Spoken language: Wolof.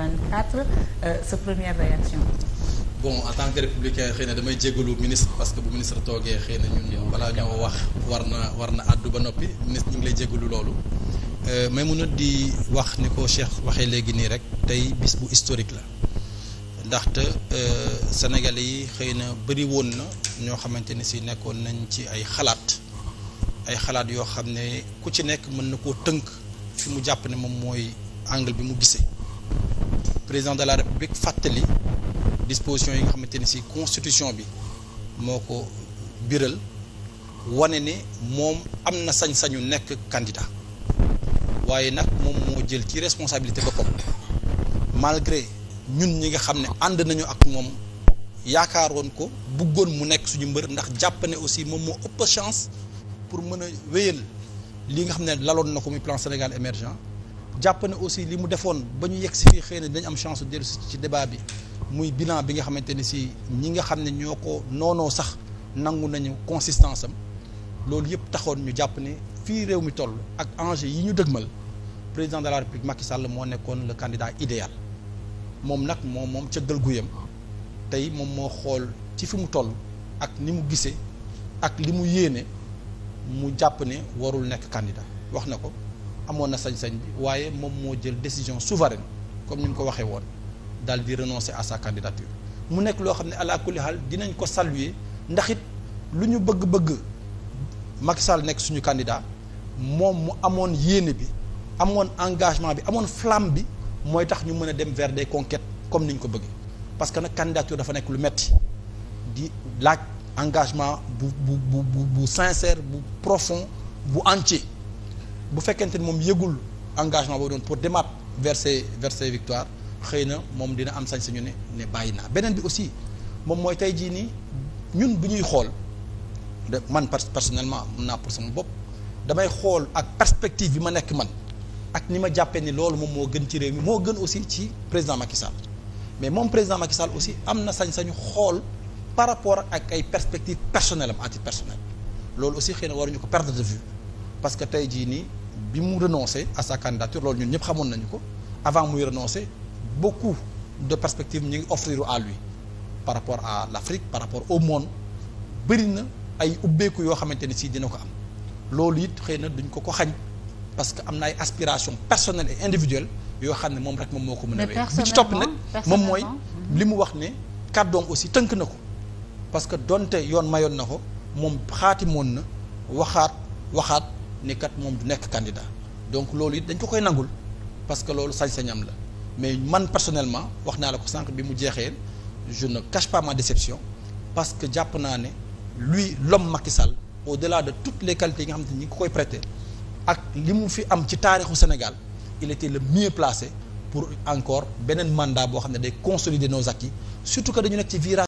2024 euh, sa première réaction bon en tant républicain xëy na damay jégalu ministre parce que bu ministre toogee xëy na ñun balaa ñoo wax war na war na àddu ba noppi ministre ñu ngi lay jégalu loolu euh, mais mun na di wax ni ko Cheikh waxee léegi nii rek tey bis bu historique la ndaxte euh, sénégalais yi xëy na bëri woon na ñoo xamante ni si nekkoon nañ ci ay xalaat ay xalaat yoo xam ne ku ci nekk mën na koo tënk fi mu jàpp ne moom mooy angle bi mu gisee président de la république fàttali disposition yi nga xamante ni si constitution bi moo ko biral wane ne moom am na sañ-sañu nekk candidat waaye nag moom moo jël ci responsabilité boppam malgré ñun ñi nga xam ne ànd nañu ak moom yaakaaroon ko bëggoon mu nekk suñu mbër ndax jàpp ne aussi moom moo ëpp chance pour mën a wéyal li nga xam ne laloon na ko muy plan Sénégal émergent jàpp ne aussi li mu defoon ba ñu yegg si fii xëy na dinañ am chance dellu ci débat bi muy bilan bi nga xamante ni si ñi nga xam ne ñoo ko noonoo sax nangu nañu consistance am loolu yëpp taxoon ñu jàpp ne fii réew mi toll ak enjeu yi ñu dëgmal président de la république Macky Sall moo nekkoon le candidat idéal moom nag moom moom cëggal guyam tey moom moo xool ci fi mu toll ak ni mu gisee ak li mu yéene mu jàpp ne warul nekk candidat wax na ko amoon na sañ-sañ bi waaye moom moo jël décision souveraine comme ni mu ko waxee woon daal di renoncer à sa candidature mu nekk loo xam ne ala li haal dinañ ko saluer ndax it lu ñu bëgg-bëgg Macky Sall nekk suñu candidat moom mu amoon yéene bi amoon engagement bi amoon flam bi mooy tax ñu mën a dem vers des conquêtes comme ni ñu ko bëggee parce que nag candidature dafa nekk lu metti di laaj engagement bu bu bu bu bu profond bu entier bu fekkente ni moom yëgul engagement boobu doon pour demaat vers ses vers xëy na moom dina am sañ sañu ne ne bàyyi naa beneen bi aussi moom mooy tey jii nii ñun bu ñuy xool de man personnellement mun naa pour sama bopp damay xool ak perspective bi ma nekk man ak ni ma jàppee ni loolu moom moo gën ci réew mi moo gën aussi ci président Macky Sall mais moom président Macky Sall aussi am na sañ-sañu xool par rapport ak ay perspectives personnelles am à titre personnel loolu aussi xëy na waruñu ko perdre bi mu renoncé à sa candidature loolu ñun ñëpp xamoon nañu ko avant muy renoncer bokku de perspectives ñu ngi offrir à lui par rapport à l'Afrique par rapport au monde bëri na ay ubbeeku yoo xamante ni si dina ko am loolu it xëy na duñ ko ko xañ parce que am na ay aspirations personnel et individuelles yoo xam ne moom rek moom moo ko mën a wéy bi ci topp nag moom mooy li mu wax ne kàddoom aussi tënk na ko parce que donte yoon mayoon na ko moom xaatimoon na waxaat waxaat ni kat moom du nekk candidat donc loolu it dañ ko koy nangul parce que loolu sañ-sañam la mais man personnellement wax naa la ko sànq bi mu jeexee je ne cache pas ma déception parce que jàpp naa ne luy l'homme Macky Sall au-delà de toutes les qualités yi nga xam ne ñi ko koy prêter ak li mu fi am ci taarixu Sénégal il était le mieux placé pour encore beneen mandat boo xam ne day consolider nos acquis surtout que dañu nekk ci virage